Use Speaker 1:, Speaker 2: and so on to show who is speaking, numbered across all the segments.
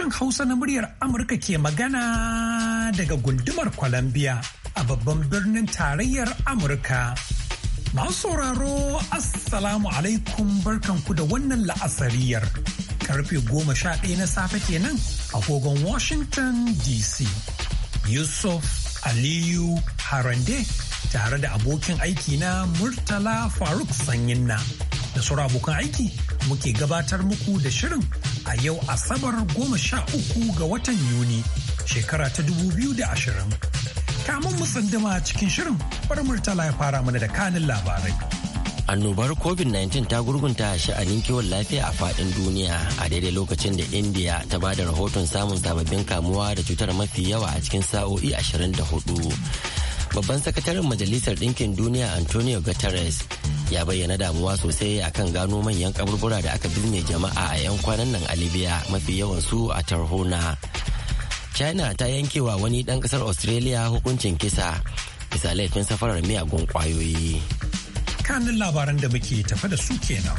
Speaker 1: sashen Hausa na muryar Amurka ke magana daga gundumar Columbia a babban birnin tarayyar Amurka. Masu sauraro Assalamu alaikum barkanku da wannan la'asariyar. Karfe goma sha ɗaya na safe kenan kogon Washington DC. Yusuf Aliyu Harande tare da abokin aiki na Murtala Faruk Sanyinna da sauran abokan aiki muke gabatar muku da shirin a yau Asabar goma sha uku ga watan Yuni shekara ta dubu biyu da ashirin. Kamun mu tsandama cikin shirin bari Murtala ya fara mana da kanin labarai.
Speaker 2: Annobar COVID-19 ta gurgunta sha'anin kiwon lafiya a fadin duniya a daidai lokacin da India ta ba da rahoton samun sababbin kamuwa da cutar mafi yawa a cikin sa'o'i 24. babban sakataren majalisar ɗinkin duniya antonio guterres ya bayyana damuwa sosai akan gano manyan kaburbura da aka binne jama'a a 'yan kwanan nan a libya mafi yawan su a tarhona china ta yankewa wani ɗan ƙasar australia hukuncin kisa bisa laifin safarar miyagun kwayoyi
Speaker 1: kanin labaran da muke tafa da su kenan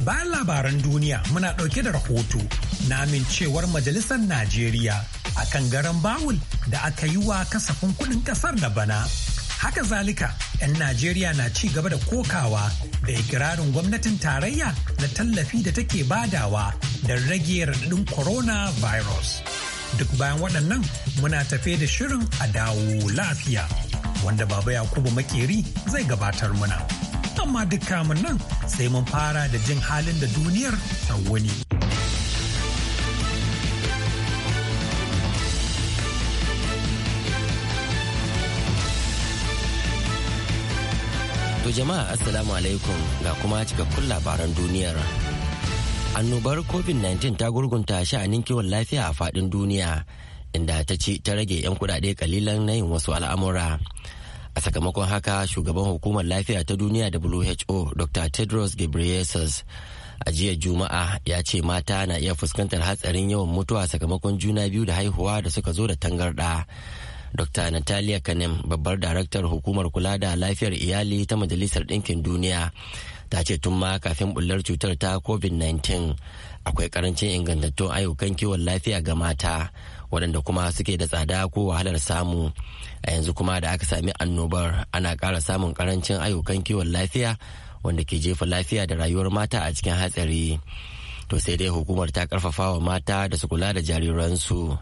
Speaker 1: bayan labaran duniya muna ɗauke da rahoto na amincewar majalisar najeriya a kan garan bawul da aka yi wa kasafin kudin kasar na bana. Haka zalika, 'yan Najeriya na ci gaba da kokawa da ikirarin gwamnatin tarayya na tallafi da take badawa da rage raɗaɗin coronavirus. Duk bayan waɗannan muna tafe da shirin a dawo lafiya, wanda Baba Yakubu Makeri zai gabatar muna. Amma duk kamun nan sai mun fara da jin halin da duniyar ta wuni.
Speaker 2: To jama'a assalamu alaikum ga kuma cikakkun labaran duniyar. Annobar COVID-19 ta gurgunta sha'anin kiwon lafiya a faɗin duniya inda ta ci ta rage 'yan kudade kalilan na yin wasu al'amura. A sakamakon haka shugaban hukumar lafiya ta duniya WHO Dr. Tedros Ghebreyesus a jiya Juma'a ya ce mata na iya fuskantar hatsarin yawan mutuwa sakamakon juna biyu da haihuwa da suka zo da tangarɗa. dr natalia kanem babbar daraktar hukumar kula da lafiyar iyali ta majalisar ɗinkin duniya ta ce tun ma kafin bullar cutar ta covid-19 akwai karancin ingantattun ayyukan kiwon lafiya ga mata waɗanda kuma suke da tsada ko wahalar samu a yanzu kuma da aka sami annobar ana ƙara samun karancin ayyukan kiwon lafiya wanda ke jefa lafiya da rayuwar mata a cikin hatsari to sai dai hukumar ta ƙarfafa wa mata da su kula da jariransu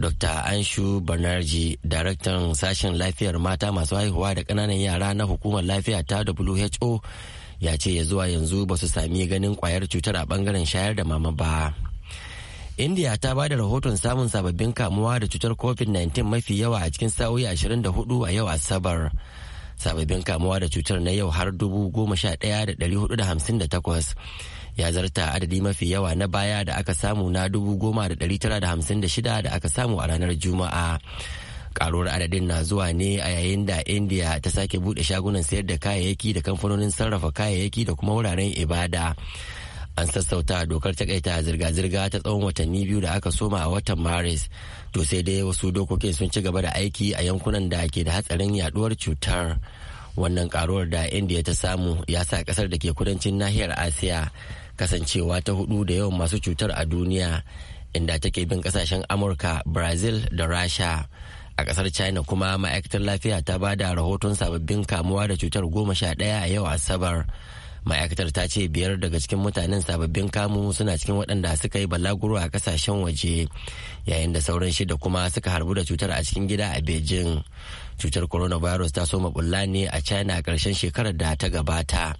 Speaker 2: Dr. Anshu Banerjee, daraktan sashen lafiyar mata masu haihuwa da ƙananan yara na hukumar lafiya ta WHO ya ce ya zuwa yanzu ba su sami ganin kwayar cutar a bangaren shayar da mama ba. India ta ba da rahoton samun sababbin kamuwa da cutar COVID-19 mafi yawa a cikin sa'o'i 24 a yau Asabar. Sababbin kamuwa da cutar na yau har 11,458 ya zarta adadi mafi yawa na baya da aka samu na 10,956 da aka samu a ranar juma'a karuwar adadin na zuwa ne a yayin da india ta sake bude shagunan sayar da kayayyaki da kamfanonin sarrafa kayayyaki da kuma wuraren ibada an sassauta dokar takaita zirga-zirga ta tsawon watanni biyu da aka soma a watan maris to sai dai wasu dokokin sun ci gaba da aiki a yankunan da ke da hatsarin yaduwar cutar wannan karuwar da india ta samu ya sa kasar da ke kudancin nahiyar asiya kasancewa ta hudu da yawan masu cutar a duniya inda take bin kasashen amurka brazil da rasha a kasar china kuma ma'aikatar lafiya ta ba da rahoton sababbin kamuwa da cutar goma sha ɗaya a yau asabar ma'aikatar ta ce biyar daga cikin mutanen sababbin kamu suna cikin waɗanda suka yi balaguro a kasashen waje yayin da sauran shida kuma suka harbu da cutar a cikin gida a beijing cutar coronavirus ta soma bulla ne a china a ƙarshen shekarar da ta gabata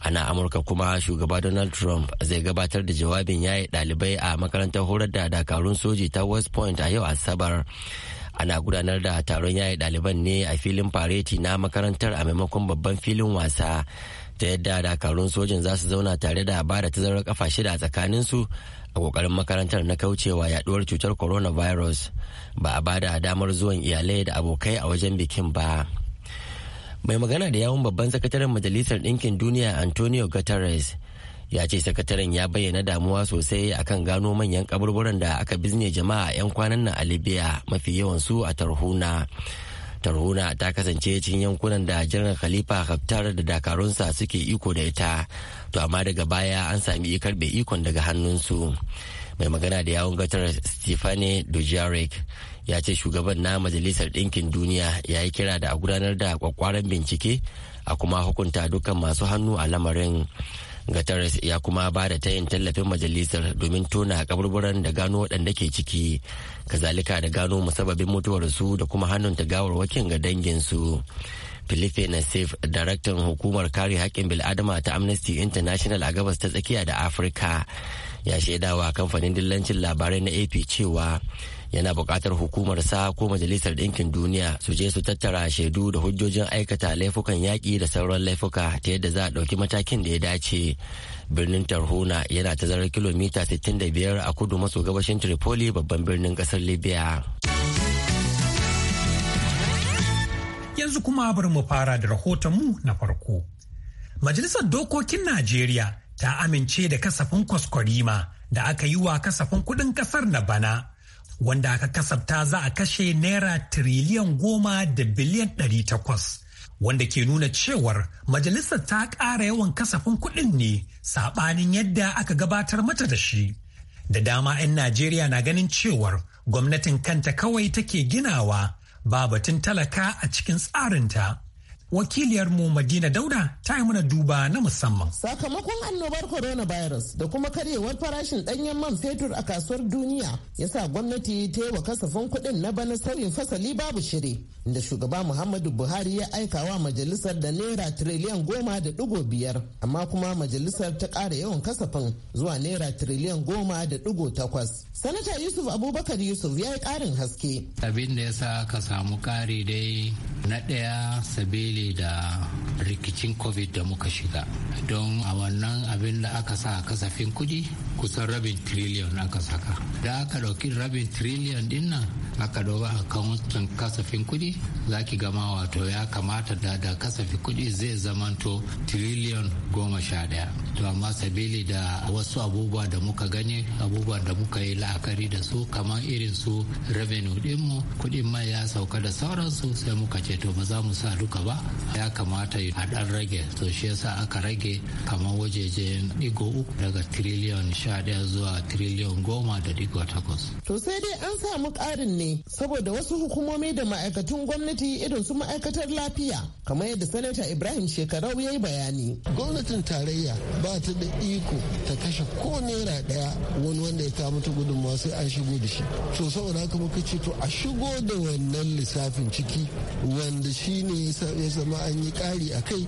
Speaker 2: a na amurka kuma shugaba donald trump zai gabatar da jawabin yayi dalibai a makarantar horar da dakarun soji ta west point a yau asabar ana gudanar da taron yayi daliban ne a filin fareti na makarantar a maimakon babban filin wasa ta yadda dakarun sojin za su zauna tare da ba da tazarar kafa shida a tsakaninsu a kokarin makarantar na kaucewa yaduwar cutar coronavirus ba a ba da damar zuwan iyalai da abokai a wajen bikin ba. mai magana da yawun babban sakataren majalisar ɗinkin duniya antonio guterres ya ce sakataren ya bayyana damuwa sosai akan gano manyan kaburburan da aka bizne jama'a 'yan kwanan nan a mafi yawansu a tarhuna tarhuna ta kasance cikin yankunan da jiran khalifa haftar da dakarunsa suke iko da ita to amma daga baya an sami karbe ikon daga hannunsu mai magana da yawon gatar stefane dujarric ya ce shugaban na majalisar ɗinkin duniya ya yi kira da a gudanar da kwakwaran bincike a kuma hukunta dukkan masu hannu a lamarin Guterres ya kuma ba da tayin tallafin majalisar domin tona kaburburan da gano waɗanda ke ciki kazalika da gano musababin mutuwarsu da kuma hannun ta gawarwakin ga danginsu Filipe Nassif, daraktan hukumar kare haƙƙin bil'adama ta Amnesty International a gabas ta tsakiya da Afirka, ya shaidawa kamfanin dillancin labarai na AP cewa yana buƙatar hukumar sa ko majalisar ɗinkin duniya su je su tattara shaidu da hujjojin aikata laifukan yaƙi da sauran laifuka ta yadda za a ɗauki matakin da ya dace birnin tarhuna yana ta zarar kilomita 65 a kudu maso gabashin tripoli babban birnin ƙasar libya
Speaker 1: yanzu kuma bari mu fara da rahotonmu na farko majalisar dokokin najeriya ta amince da kasafin kwaskwarima da aka yi wa kasafin kudin kasar na bana wanda aka kasafta za a kashe naira tiriliyan goma da biliyan ɗari takwas wanda ke nuna cewar majalisar ta ƙara yawan kasafin kuɗin ne saɓanin yadda aka gabatar mata da shi da dama 'yan najeriya na ganin cewar gwamnatin kanta kawai take ginawa ba batun talaka a cikin tsarinta wakiliyarmu Madina Dauda ta yi mana duba na musamman.
Speaker 3: Sakamakon annobar coronavirus da kuma karyewar farashin ɗanyen man fetur a kasuwar duniya ya sa gwamnati ta yi wa kasafin kuɗin na bana sauyin fasali babu shiri. da shugaba Muhammadu Buhari ya aika wa majalisar da naira tiriliyan goma da digo biyar amma kuma majalisar ta ƙara yawan kasafin zuwa naira tiriliyan goma da digo takwas. Sanata Yusuf Abubakar Yusuf ya yi ƙarin haske.
Speaker 2: Abin da ya sa ka samu kare dai na ɗaya sabili da rikicin covid da muka shiga don a wannan abin da aka sa kasafin kuɗi kusan rabin triliyan aka saka
Speaker 4: da aka ɗauki rabin triliyan din nan aka
Speaker 2: ɗauka a kasafin kuɗi
Speaker 3: za ki gama wato ya kamata da da kasafi kuɗi zai zamanto tiriliyon goma sha daya to amma sabili da wasu abubuwa da muka gani abubuwan da muka
Speaker 2: yi la'akari da su kamar irin su revenue ɗinmu kuɗin mai ya sauka da sauransu sai muka ce to ba za mu sa duka ba ya kamata a ɗan rage to shi yasa aka rage kamar wajejen digo uku daga triliyon sha daya zuwa tiriliyon goma da ɗigo takwas.
Speaker 3: to sai dai an samu ƙarin ne saboda wasu hukumomi da ma'aikatun gwamnati irin su ma'aikatar lafiya kamar yadda sanata ibrahim shekarau ya yi bayani gwamnatin tarayya ba ta da iko ta kashe ko naira daya wani wanda ya ta ta gudunmawa sai an shigo da shi to saboda haka muka ce to a shigo da wannan lissafin ciki wanda shi ne ya zama an yi kari a kai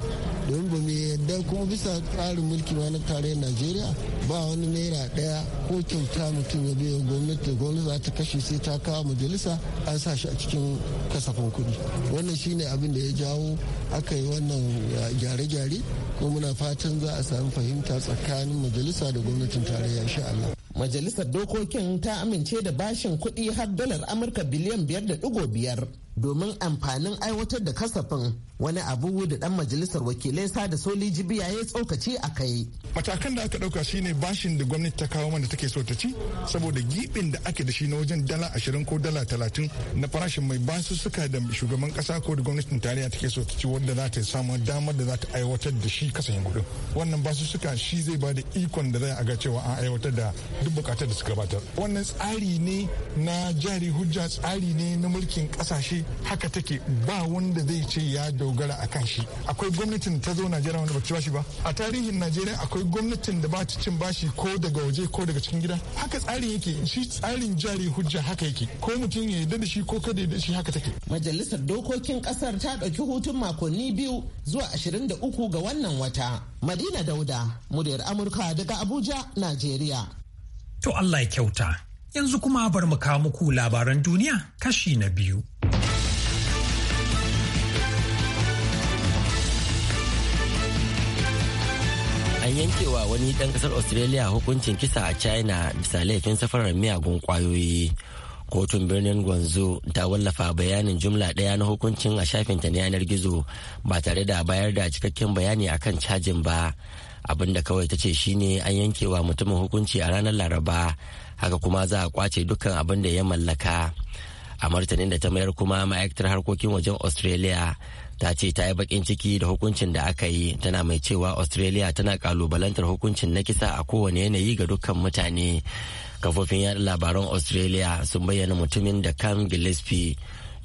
Speaker 3: don ba mai yadda kuma bisa tsarin mulki ma na tarayyar najeriya ba wani naira daya ko kyauta mutum ya biya gwamnati da gwamnati za ta kashe sai ta kawo majalisa an sa shi a cikin kasafin wannan wannan shine abin da ya jawo aka yi wannan uh, gyare-gyare kuma muna fatan za a samu fahimta tsakanin majalisa da gwamnatin tarayya shi Allah majalisar dokokin ta amince da bashin kudi har dalar amurka biliyan 5.5 domin amfanin aiwatar da kasafin wani abu da dan majalisar wakilai sada soli jibiya ya tsokaci a kai matakan da aka dauka shine bashin da gwamnati ta kawo mana take so ta ci saboda gibin da ake da shi na wajen dala ashirin ko dala talatin na farashin mai suka da shugaban kasa ko da gwamnatin tarayya take so ta ci wanda za ta samu damar da za ta aiwatar da shi kasayin kudin wannan suka shi zai ba da ikon da zai aga cewa an aiwatar da duk bukatar da suka batar wannan tsari ne na jari hujja tsari ne na mulkin kasashe haka take ba wanda zai ce ya da dogara a kan shi akwai gwamnatin ta zo najeriya wanda ba ci bashi ba a tarihin najeriya akwai gwamnatin da ba ta cin bashi ko daga waje ko daga cikin gida haka tsarin yake shi tsarin jari hujja haka yake ko mutum ya yarda da shi ko kada da shi haka take majalisar dokokin kasar ta ɗauki hutun makonni biyu zuwa ashirin da uku ga wannan wata madina dauda muryar amurka daga abuja najeriya
Speaker 1: to allah ya kyauta yanzu kuma bar mu kawo muku labaran duniya kashi na biyu
Speaker 2: an yankewa wani dan kasar australia hukuncin kisa a china bisa laifin safarar miyagun kwayoyi. kotun birnin gwanzo ta wallafa bayanin jumla daya na hukuncin a shafinta na yanar gizo ba tare da bayar da cikakken bayani akan cajin ba abinda kawai ta ce shine an yankewa mutumin hukunci a ranar laraba haka kuma za a kwace dukkan abin da ya mallaka a martanin da ta mayar kuma ma'aikatar harkokin wajen australia ta ce ta yi bakin ciki da hukuncin da aka yi tana mai cewa australia tana kalubalantar hukuncin na kisa a kowane yanayi ga dukkan mutane kafofin yada labaran australia sun bayyana mutumin da cam gillespie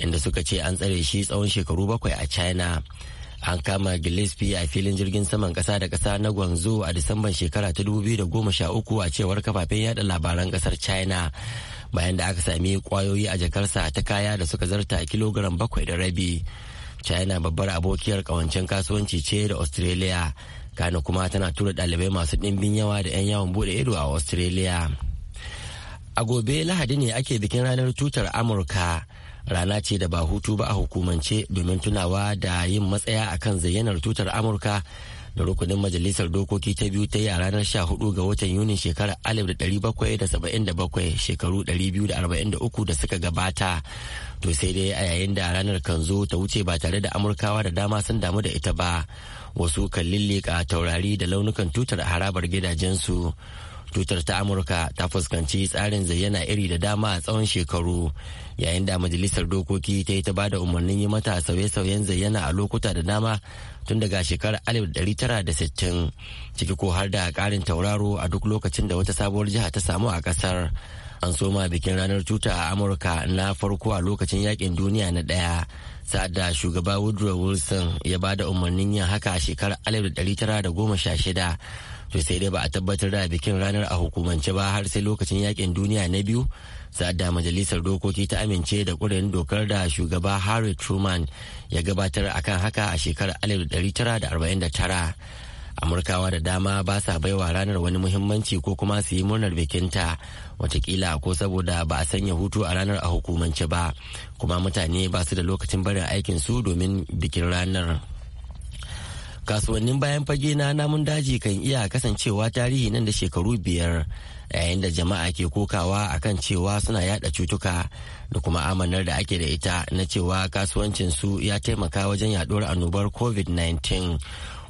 Speaker 2: inda suka ce an tsare shi tsawon shekaru bakwai a china an kama gillespie a filin jirgin saman kasa da kasa na gwanzo a disamban shekara ta 2013 a cewar kafafen yada labaran kasar china bayan da aka sami kwayoyi a jakarsa ta kaya da suka zarta kilogram bakwai da rabi china babbar abokiyar kawancen kasuwanci ce da australia kano kuma tana tura dalibai masu ɗimbin yawa da 'yan yawon bude ido a australia a gobe lahadi ne ake bikin ranar tutar amurka rana ce da ba hutu ba a hukumance domin tunawa da yin matsaya akan zayyanar tutar amurka da rukunin majalisar dokoki ta biyu ta yi a ranar 14 ga watan yuni shekarar 1777 shekaru 243 da suka gabata to sai dai a yayin da ranar kan zo ta wuce ba tare da amurkawa da dama sun damu da ita ba wasu kan lillika taurari da launukan tutar harabar gidajensu cutar ta amurka ta fuskanci tsarin zayyana iri da dama a tsawon shekaru yayin da majalisar dokoki ta yi ta ba da umarnin yi mata sauye-sauyen zayyana a lokuta da dama tun daga shekarar 1960 ciki ko har da karin tauraro a duk lokacin da wata sabuwar jiha ta samu a kasar an soma bikin ranar cuta a amurka na farko a lokacin yakin duniya na daya da shugaba woodrow wilson ya ba da umarnin yin haka a shekarar 1916 to sai dai ba a tabbatar da bikin ranar a hukumance ba har sai lokacin yakin duniya na biyu da majalisar dokoki ta amince da ƙudurin dokar da shugaba harry truman ya gabatar a kan haka a shekarar 1949 amurkawa da dama ba sa baiwa ranar wani muhimmanci ko kuma su yi murnar bikinta watakila ko saboda ba a sanya hutu a ranar a hukumance ba kuma mutane ba su da lokacin barin aikinsu domin bikin ranar. kasuwannin bayan fage na namun daji kan iya kasancewa tarihi nan da shekaru biyar yayin da jama'a ke kokawa akan cewa suna yada cutuka da kuma amanar da ake da ita na cewa kasuwancin su ya taimaka wajen yaɗuwar annobar covid-19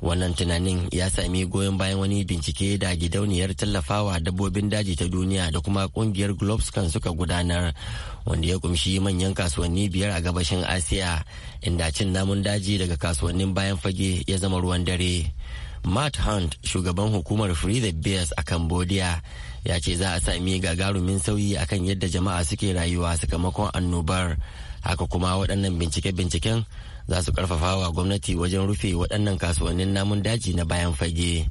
Speaker 2: wannan tunanin ya sami goyon bayan wani bincike da gidauniyar tallafawa dabbobin daji ta duniya da kuma kungiyar globes kan suka gudanar wanda ya kumshi manyan kasuwanni biyar a gabashin asiya inda cin namun daji daga kasuwannin bayan fage ya zama ruwan dare matt hunt shugaban hukumar free the bears a cambodia ya ce za a sami gagarumin sauyi akan yadda jama'a suke rayuwa sakamakon annobar haka kuma waɗannan bincike-binciken za su karfafa wa gwamnati wajen rufe waɗannan kasuwannin namun daji na bayan fage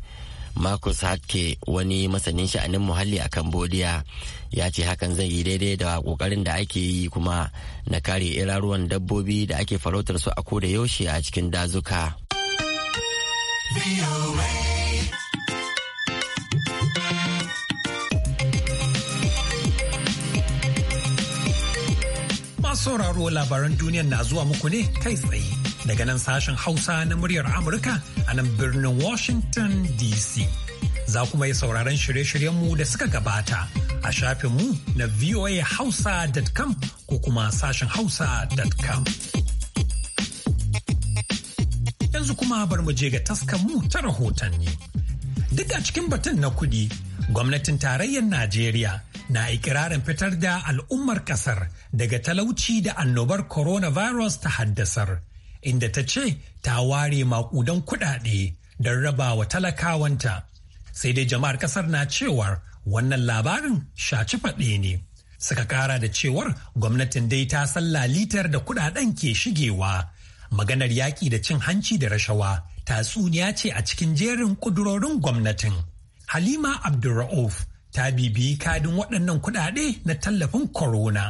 Speaker 2: marcus hatke wani masanin sha'anin muhalli a cambodia ya ce hakan zai yi daidai da kokarin da ake yi kuma na kare iraruwan dabbobi da ake farautar su a koda yaushe a cikin dazuka.
Speaker 1: sauraro labaran duniyan na zuwa muku ne kai tsaye daga nan sashen Hausa na muryar Amurka a nan birnin Washington DC. Za kuma yi sauraron shirye-shiryenmu da suka gabata a shafinmu na voahausa.com ko kuma sashen hausa.com. Yanzu kuma bar mu je ga taskanmu ta rahotanni. Duk a cikin batun na kudi, gwamnatin tarayyar Najeriya na ikirarin fitar da al'ummar kasar daga talauci da annobar coronavirus ta haddasar, inda ta ce ta ware makudan kudade don raba wa talakawanta. Sai dai jama'ar kasar na cewar wannan labarin shaci faɗe ne. Suka kara da cewar gwamnatin dai ta salla litar da kudaden ke shigewa. Maganar yaƙi da cin hanci da rashawa tatsuniya ce a cikin jerin ƙudurorin gwamnatin. Halima Abdulra'uf ta bibiyi kadin waɗannan kuɗaɗe na tallafin korona.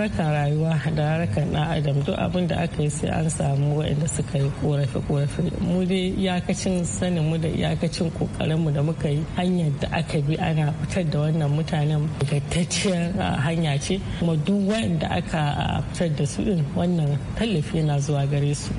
Speaker 5: harkar rayuwa da harkar na adam duk abin da aka yi sai an samu waɗanda suka yi korafi korafi mu dai iyakacin sanin mu da iyakacin kokarin mu da muka yi hanyar da aka bi ana fitar da wannan mutanen gattacciyar hanya ce kuma duk waɗanda aka fitar da su din wannan tallafi yana zuwa gare su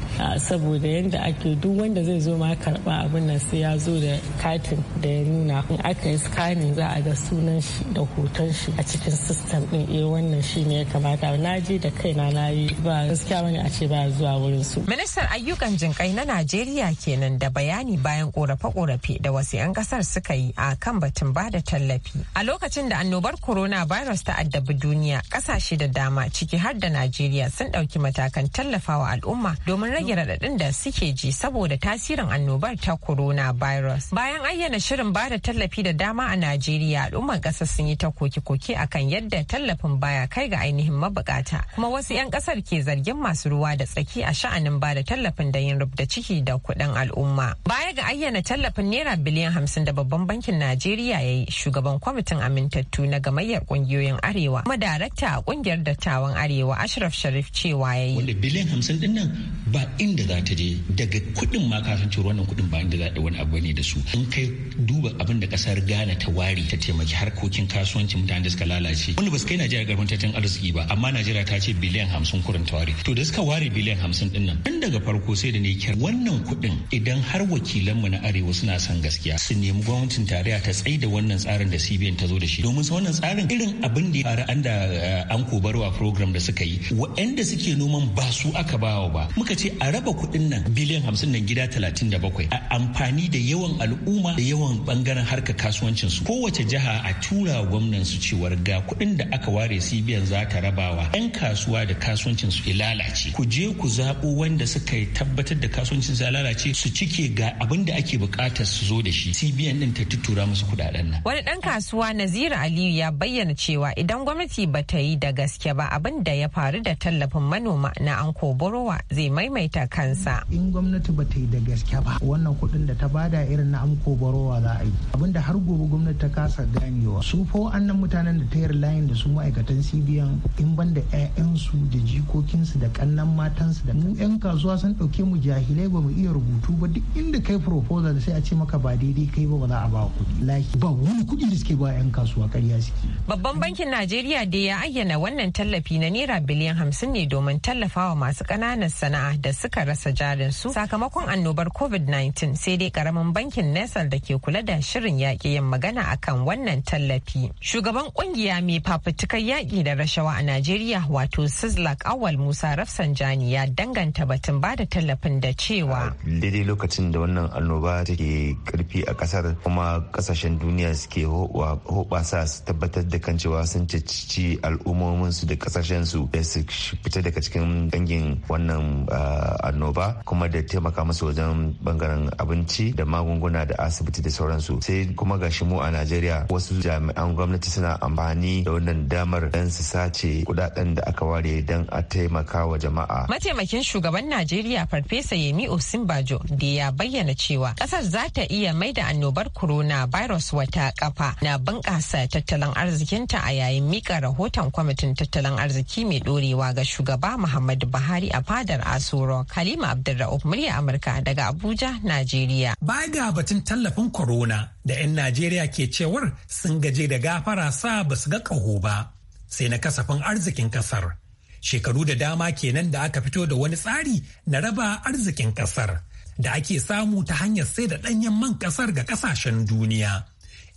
Speaker 5: saboda yadda ake duk wanda zai zo ma karɓa abin nan sai ya zo da katin da ya nuna in aka yi scanning za a ga sunan shi da hoton shi a cikin system din eh wannan shine ya kama. kamata na je da kaina na yi ba gaskiya wani a ce
Speaker 6: ba zuwa wurin su. Ministan ayyukan jinkai na Najeriya kenan da bayani bayan korafe-korafe da wasu 'yan kasar suka yi a kan batun ba da tallafi. A lokacin da annobar corona virus ta addabi duniya kasashe da dama ciki har da Najeriya sun ɗauki matakan tallafawa al'umma domin rage raɗaɗin da suke ji saboda tasirin annobar ta corona virus. Bayan ayyana shirin ba da tallafi da dama a Najeriya al'ummar ƙasa sun yi ta koke-koke akan yadda tallafin baya kai ga ainihin mabukata kuma wasu 'yan kasar ke zargin masu ruwa da tsaki a sha'anin ba da tallafin da yin rubda ciki da kuɗin al'umma baya ga ayyana tallafin naira biliyan hamsin da babban bankin najeriya ya yi shugaban kwamitin amintattu na gamayyar kungiyoyin arewa kuma darakta a ƙungiyar dattawan arewa ashraf sharif cewa ya yi
Speaker 1: wanda biliyan hamsin din nan ba inda za ta je daga kuɗin ma ka san cewa wannan kuɗin ba inda za ta wani abu ne da su in kai duba abin da ƙasar ghana ta wari ta taimaki harkokin kasuwancin mutane da suka lalace wanda ba su kai najeriya garban tattalin arziki ba amma najeriya ta ce biliyan hamsin kudin ta ware to da suka ware biliyan hamsin din nan tun daga farko sai da ne kira wannan kudin. idan har wakilanmu na arewa suna son gaskiya su nemi gwamnatin tarayya ta da wannan tsarin da cbn ta zo da shi domin wannan tsarin irin abin da ya faru an da eh, an kobarwa program da suka yi waɗanda suke noman ba su aka bawa ba muka ce a raba kudin nan biliyan hamsin nan gida talatin da bakwai a amfani da yawan al'umma da yawan bangaren harka kasuwancin su kowace jiha a tura gwamnan su cewar ga kudin da aka ware cbn za ta jarabawa 'yan kasuwa da kasuwancin su lalace ku je ku zaɓo wanda suka tabbatar da kasuwancin su lalace su cike ga abin da ake buƙatar su zo da shi cbn din ta tutura musu kuɗaɗen nan
Speaker 6: wani dan kasuwa naziru aliyu ya bayyana cewa idan gwamnati ba ta yi da gaske ba abin da ya faru da tallafin manoma na anko borowa zai maimaita kansa
Speaker 3: in gwamnati ba ta yi da gaske ba wannan kuɗin da ta bada irin na amko borowa za a yi abinda har gobe gwamnati ta kasa ganewa su fa wa'annan mutanen da ta yi layin da su ma'aikatan cbn in ban da 'ya'yansu da jikokinsu da kannan matansu da mu 'yan kasuwa sun ɗauke mu jahilai ba mu iya rubutu ba duk inda kai proposal sai a ce maka ba
Speaker 1: daidai kai ba ba za a ba kuɗi lahi ba wani kuɗi da suke ba 'yan kasuwa ƙarya suke.
Speaker 6: babban bankin najeriya da ya ayyana wannan tallafi na naira biliyan hamsin ne domin tallafawa masu ƙananan sana'a da suka rasa jarin su sakamakon annobar covid-19 sai dai karamin bankin nesal da ke kula da shirin yaƙi yin magana akan wannan tallafi shugaban ƙungiya mai fafutukar yaƙi da rashawa Najeriya wato Sislak Awal Musa Rafsanjani ya danganta batun ba da tallafin da cewa.
Speaker 4: Daidai lokacin da wannan annoba take karfi a kasar kuma kasashen duniya suke hoɓasa su tabbatar da kan cewa sun cici al'ummominsu da kasashen su da su fita daga cikin dangin wannan ah, annoba kuma da taimaka musu wajen bangaren abinci da magunguna da asibiti da sauransu sai kuma gashi mu a Najeriya wasu jami'an gwamnati suna amfani da wannan damar dan su sace Kuɗaɗen kudaden da aka ware don a taimaka wa jama'a.
Speaker 6: Mataimakin shugaban Najeriya Farfesa Yemi Osinbajo da ya bayyana cewa kasar za ta iya mai da annobar corona virus wata kafa na bunƙasa tattalin arzikinta a yayin mika rahoton kwamitin tattalin arziki mai dorewa ga shugaba Muhammadu Buhari a fadar Asoro. Kalima Halima Abdulra'uf murya Amurka daga Abuja, Najeriya.
Speaker 1: Ba ga batun tallafin corona da 'yan Najeriya ke cewar sun gaje da gafara sa ba su ga ƙaho ba. sai na kasafin arzikin kasar. Shekaru da dama kenan da aka fito da wani tsari na raba arzikin kasar da ake samu ta hanyar sai da ɗanyen man kasar ga kasashen duniya.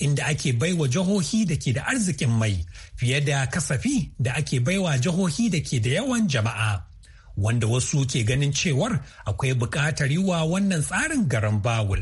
Speaker 1: Inda ake baiwa jihohi da ke da arzikin mai fiye da kasafi da ake baiwa jihohi da ke da yawan jama'a. Wanda wasu ke ganin cewar akwai buƙatar yi wa wannan tsarin garan bawul.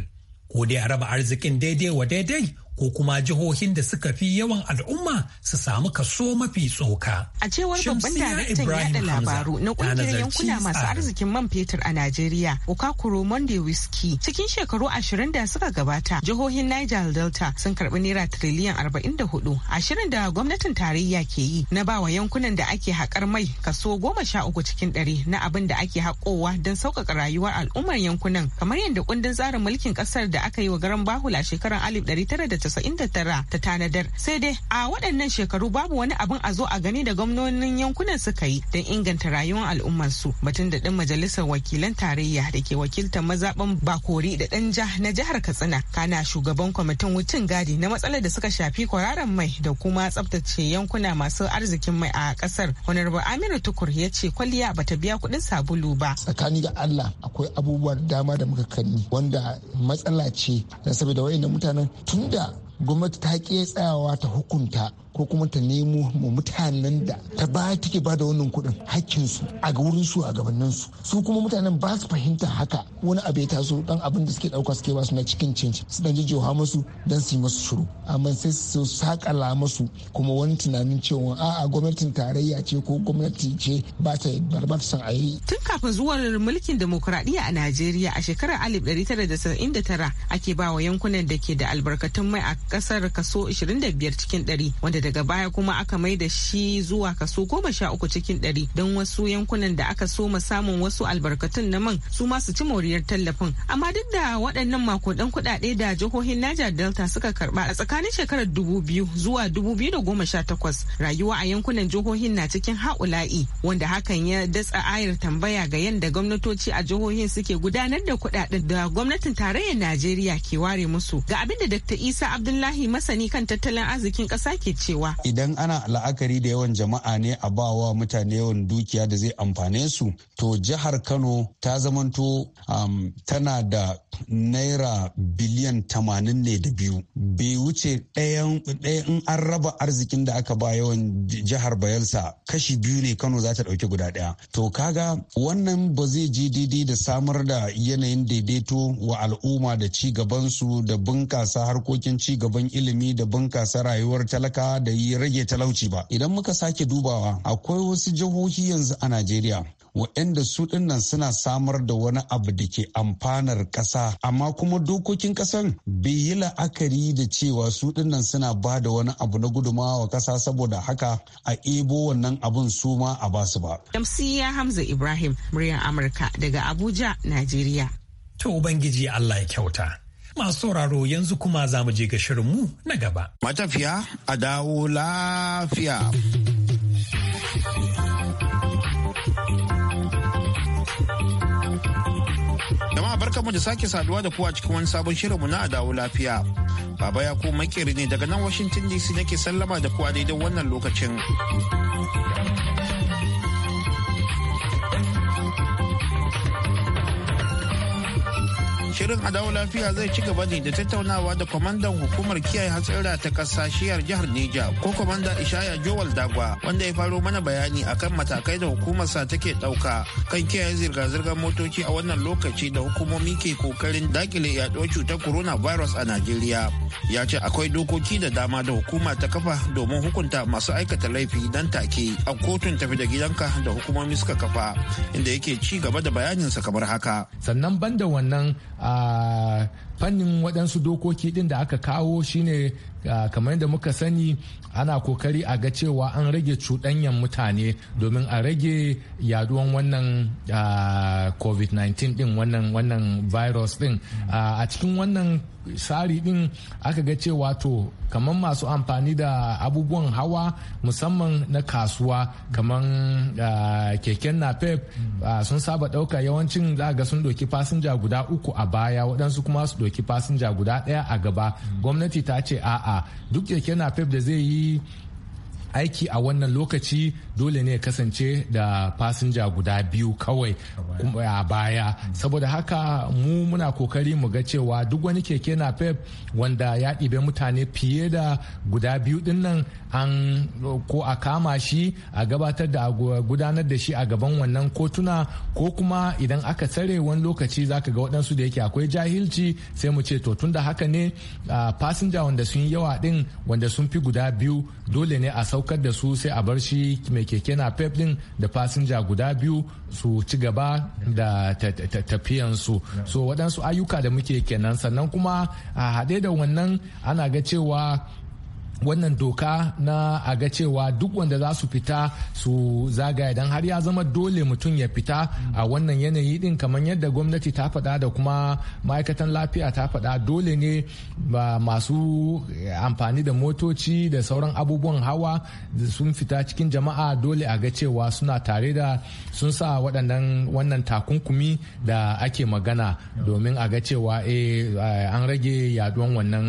Speaker 1: Ko dai a raba arzikin daidai wa daidai ko kuma jihohin da suka fi yawan al'umma su samu kaso mafi tsoka. A cewar babban daraktan yada labaru na kungiyar yankuna masu arzikin
Speaker 5: man fetur a Najeriya, Okakuro Monday Whiskey, cikin shekaru ashirin da suka gabata, jihohin Niger Delta sun karbi naira triliyan arba'in da hudu ashirin da gwamnatin tarayya ke yi na ba wa yankunan da ake haƙar mai kaso goma sha uku cikin ɗari na abin da ake haƙowa don sauƙaƙa rayuwar al'ummar yankunan kamar yadda kundin tsarin mulkin ƙasar da aka yi wa garan bahula shekarar alif ɗari tara da 1999 ta tanadar sai dai a waɗannan shekaru babu wani abin a zo a gani da gwamnonin yankunan suka yi don inganta rayuwar al'ummarsu batun da ɗan majalisar wakilan tarayya da ke wakiltar mazaɓan bakori da ɗan ja na jihar katsina kana shugaban kwamitin wucin gadi na matsalar da suka shafi kwararan mai da kuma tsabtace yankuna masu arzikin mai a ƙasar honorable aminu tukur ya ce kwalliya bata biya kuɗin sabulu ba
Speaker 3: tsakani da allah akwai abubuwa dama da muka kanni wanda matsala ce da saboda wayannan mutanen tunda gwamnati ta ƙi tsayawa ta hukunta ko kuma ta nemo ma mutanen da ta ba take ba da wannan kuɗin hakkinsu a ga wurin su a gabanin su su kuma mutanen ba su fahimta haka wani abu ya taso dan abin da suke ɗauka suke ba su na cikin cinci su dan ha musu dan su yi musu shiru amma sai su sakala musu kuma wani tunanin cewa a'a gwamnatin tarayya ce ko gwamnati ce ba ta barbar san a yi.
Speaker 5: Tun kafin zuwan mulkin demokuraɗiyya a Najeriya a shekarar alif 1999 ake ba wa yankunan da ke da albarkatun mai a kasar kaso 25 cikin 100 wanda daga baya kuma aka mai da shi zuwa kaso goma sha uku cikin ɗari don wasu yankunan da aka so soma samun wasu albarkatun na man su ma su ci moriyar tallafin amma duk da waɗannan makudan kuɗaɗe da jihohin Niger Delta suka karɓa a tsakanin shekarar dubu biyu zuwa dubu biyu da goma sha takwas rayuwa a yankunan jihohin na cikin haula'i wanda hakan ya datsa ayar tambaya ga yadda gwamnatoci a jihohin suke gudanar da kuɗaɗen da gwamnatin tarayyar Najeriya ke ware musu ga abinda da Dr. Isa Abdullahi masani kan tattalin arzikin ƙasa ke cewa cewa
Speaker 4: idan ana la'akari da yawan jama'a ne a bawa mutane yawan dukiya da zai amfane su to jihar kano ta zamanto um, tana da naira biliyan tamanin ne da biyu bai wuce ɗayan in an raba arzikin da aka ba yawan jihar bayelsa kashi biyu ne kano za ta ɗauki guda ɗaya to kaga wannan ba zai ji daidai da samar da yanayin daidaito wa al'umma da ci gabansu da bunƙasa harkokin ci gaban ilimi da bunƙasa rayuwar talaka da yi rage talauci ba idan muka sake dubawa akwai wasu jihohi yanzu a najeriya waɗanda su dinnan suna samar da wani abu da ke amfanar ƙasa amma kuma dokokin ƙasan bai yi la'akari da cewa su dinnan suna ba da wani abu na gudumawa ƙasa saboda haka a ebo wannan abun su ma a basu ba.
Speaker 5: Jamsiyya Hamza Ibrahim muryar Amurka daga Abuja, Najeriya. To Ubangiji Allah ya
Speaker 1: kyauta. Masu sauraro yanzu kuma za mu je ga shirinmu na gaba. Matafiya a dawo lafiya.
Speaker 4: Jama'a barkamu da sake saduwa da kuwa cikin wani sabon shirinmu na dawo lafiya. Baba ya ko makeri ne daga nan Washington DC nake sallama da kuwa daidai wannan lokacin. Shirin adawa lafiya zai ci gaba ne da tattaunawa da kwamandan hukumar kiyaye hatsira ta kasashiyar jihar Neja ko kwamandan Ishaya Jowal Dagwa wanda ya faro mana bayani akan matakai da hukumar sa take ɗauka kan kiyaye zirga-zirgar motoci a wannan lokaci da hukumomi ke kokarin dakile yaduwar cutar corona virus a Najeriya. Ya ce akwai dokoki da dama da hukuma ta kafa domin hukunta masu aikata laifi dan take a kotun tafi da gidanka da hukumomi suka kafa inda yake ci gaba da sa kamar haka.
Speaker 7: Sannan banda wannan Uh, fannin waɗansu dokoki ɗin da aka kawo shine kamar yadda muka sani ana kokari a ga cewa an rage cuɗanyan mutane domin a rage yaduwan wannan covid-19 ɗin wannan virus ɗin a cikin wannan tsari ɗin aka ga cewa to kamar masu amfani da abubuwan hawa musamman na kasuwa kamar keken napep sun saba ɗauka yawancin za ga sun ɗauki fasinja guda uku a baya waɗansu kuma su doki fasinja guda ɗaya a gaba gwamnati ta ce a'a duk keke napep da zai yi aiki a wannan lokaci dole ne ya kasance da fasinja guda biyu kawai a baya saboda haka mu muna kokari mu ga cewa duk wani keke na pep wanda ya ɗibe mutane fiye da guda biyu din nan an ko a kama shi a gabatar da gudanar da shi a gaban wannan kotuna ko kuma idan aka tsare wani lokaci zaka ga waɗansu da yake akwai jahilci sai mu ce to tunda haka ne fasinja wanda sun yawa din wanda sun fi guda biyu dole ne a sauka saukar da su sai a bar shi mai keke na pep din da fasinja guda biyu su ci gaba da tafiyansu so waɗansu ayyuka da muke kenan sannan kuma a haɗe da wannan ana ga cewa wannan doka na a ga cewa duk wanda za su fita su zagaya don har ya zama dole mutum ya fita a wannan yanayi din kamar yadda gwamnati ta faɗa da kuma ma'aikatan lafiya ta faɗa dole ne masu amfani da motoci da sauran abubuwan hawa sun fita cikin jama'a dole a ga cewa suna tare da sun sa waɗannan wannan takunkumi da ake magana domin a ga cewa eh, an rage yaduwan wannan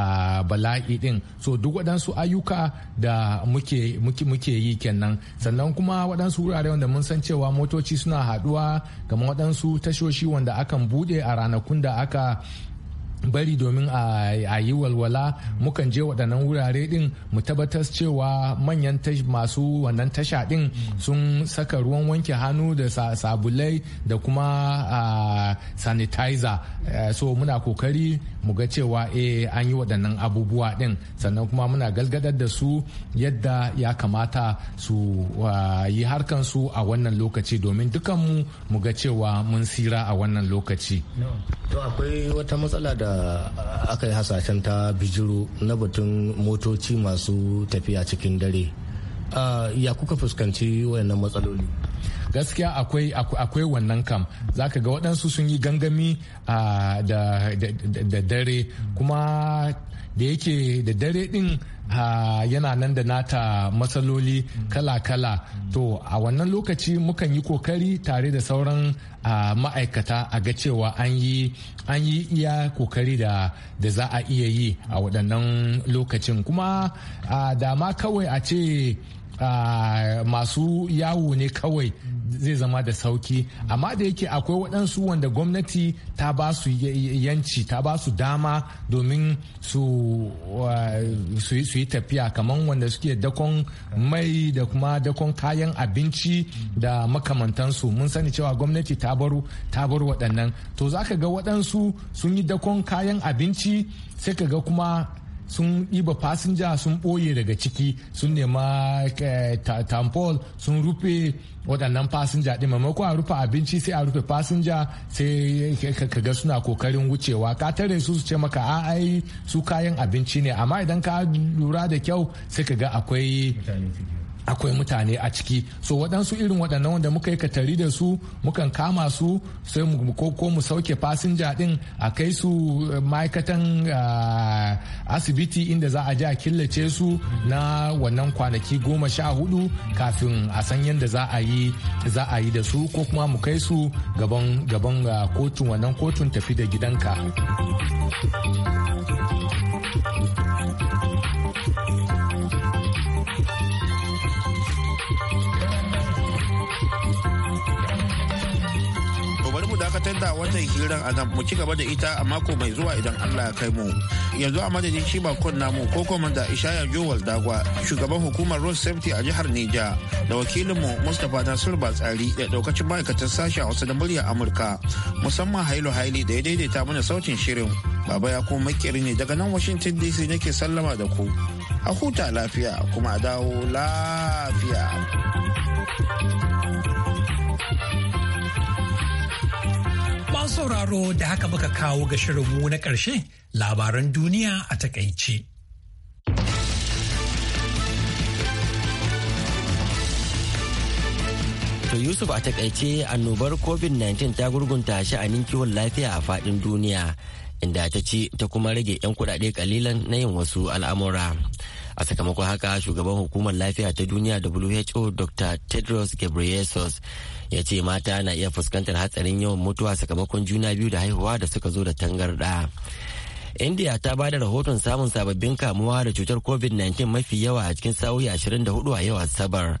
Speaker 7: ah, bala'i din so so duk waɗansu ayyuka da muke muke yi kenan sannan kuma waɗansu wurare wanda mun san cewa motoci suna haɗuwa kamar waɗansu tashoshi wanda akan buɗe a ranakun da aka bari domin a yi walwala mukan je waɗannan wurare ɗin mu tabbatar cewa manyan masu wannan tasha ɗin sun saka ruwan wanke hannu da sabulai da kuma sanitizer eh, so muna kokari mu ga cewa eh an yi waɗannan abubuwa ɗin sannan kuma muna galgadar da su yadda ya kamata su yi su a wannan lokaci domin dukanmu mu ga cewa mun sira a wannan lokaci. to akwai wata matsala da Eh, aka yi hasashen ta bijiro na batun motoci masu tafiya cikin dare eh, ya kuka fuskanci wayannan matsaloli gaskiya akwai akwai wannan kam zaka ga waɗansu sun yi gangami da dare kuma da yake da dare din yana nan da nata matsaloli kala-kala to a wannan lokaci mukan yi kokari tare da sauran ma'aikata a ga cewa an yi iya kokari da za a iya yi a waɗannan lokacin kuma da ma kawai a ce masu yawo ne kawai zai zama da sauki amma da yake akwai waɗansu wanda gwamnati ta ba su yanci ta ba su dama domin su yi tafiya kamar wanda suke dakon mai da kuma dakon kayan abinci da makamantansu mun sani cewa gwamnati ta baro ta waɗannan to za ka ga waɗansu sun yi dakon kayan abinci sai ka ga kuma sun ɗiba fasinja sun ɓoye daga ciki sun nema eh, tampol sun rufe waɗannan fasinja ɗin mamako a rufe abinci sai a rufe fasinja sai ka ga suna kokarin wucewa ka tare su su ce maka a ai su kayan abinci ne amma idan ka lura da kyau sai ka ga akwai akwai mutane a ciki so waɗansu irin waɗannan wanda muka yi katari da su mukan kama su sai mu ko mu sauke fasinja ɗin a kai su eh, ma'aikatan ah, asibiti inda za a je a killace su na wannan kwanaki goma sha hudu kafin a san yadda za a yi za a yi da su ko kuma mu kai su gaban gaban ah, kotun wannan kotun tafi da gidanka.
Speaker 4: dakatar da wannan hirar a nan mu ci gaba da ita a mako mai zuwa idan Allah ya kai mu. Yanzu a madadin shi bakon namu ko da Ishaya Jowal Dagwa shugaban hukumar Road Safety a jihar Neja da wakilinmu Mustapha Nasiru Batsari da daukacin ma'aikatan sashen Hausa da murya Amurka musamman Hailu Haili da ya daidaita mana sautin shirin. Baba ya kuma makiri ne daga nan Washington DC nake sallama da ku. A huta lafiya kuma a dawo
Speaker 1: lafiya. sauraro da haka muka kawo ga shirinmu na ƙarshe labaran duniya a
Speaker 2: takaice. To Yusuf a takaice annobar COVID-19 ta gurgunta shi sha'anin kiwon lafiya a faɗin duniya inda ta ci ta kuma rage 'yan kuɗaɗe kalilan na yin wasu al'amura. a sakamakon haka shugaban hukumar lafiya ta duniya who dr tedros ghebreyesus ya ce mata na iya fuskantar hatsarin yawan mutuwa sakamakon juna biyu da haihuwa da suka zo da tangarɗa. india ta ba da rahoton samun sababbin kamuwa da cutar covid-19 mafi yawa a cikin sa'o'i 24 a yau asabar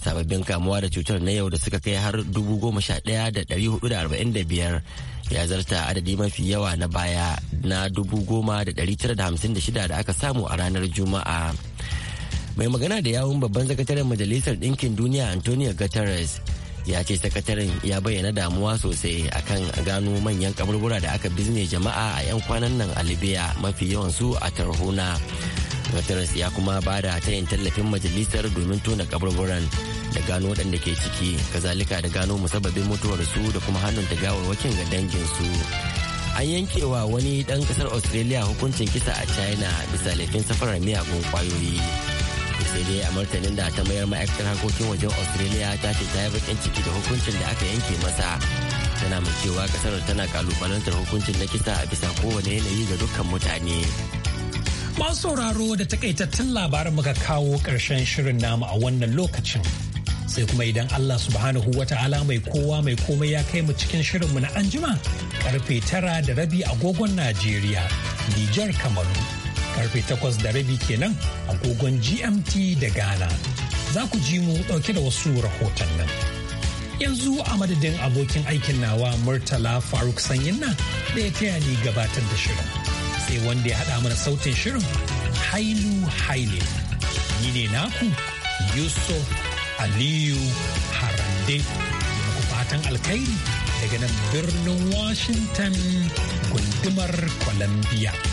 Speaker 2: sababbin kamuwa da cutar na yau da suka kai har 11,445 ya zarta adadi mafi yawa na baya na 10,956 da aka samu a ranar juma'a mai magana da yawun babban zakataren majalisar ɗinkin duniya antonio guterres ya ce sakataren ya bayyana damuwa sosai akan gano manyan kaburbura da aka bizne jama'a a 'yan kwanan nan a libya mafi yawansu a tarhuna guterres ya kuma ba da tayin tallafin majalisar domin tona kaburburan da gano waɗanda ke ciki kazalika da gano musabbabin mutuwarsu da kuma hannun ta gawarwakin ga danginsu an yankewa wani ɗan ƙasar australia hukuncin kisa a china bisa laifin safarar miyagun kwayoyi. dai a martanin da ta mayar ma'aikatar harkokin wajen australia ta ce ta yi bakin ciki da hukuncin da aka yanke masa tana mai cewa kasar tana kalubalantar hukuncin na kisa a bisa kowane yanayi ga dukkan mutane
Speaker 1: masu sauraro da takaitattun labaran muka kawo karshen shirin namu a wannan lokacin sai kuma idan Allah subhanahu wa ta'ala mai kowa mai komai ya kai mu cikin shirin mu na anjima karfe tara da rabi agogon Najeriya, Nijar Kamaru. karfe takwas da rabi kenan agogon GMT da Ghana. Za ku ji mu ɗauke da wasu rahoton nan. Yanzu a madadin abokin aikin nawa Murtala Faruk Sanyinna da ya taya ni gabatar da shirin. Sai wanda ya haɗa mana sautin shirin Hailu Haile. Ni ne naku Yusuf Aliyu Harande. Ku fatan alkhairi daga nan birnin Washington gundumar Columbia.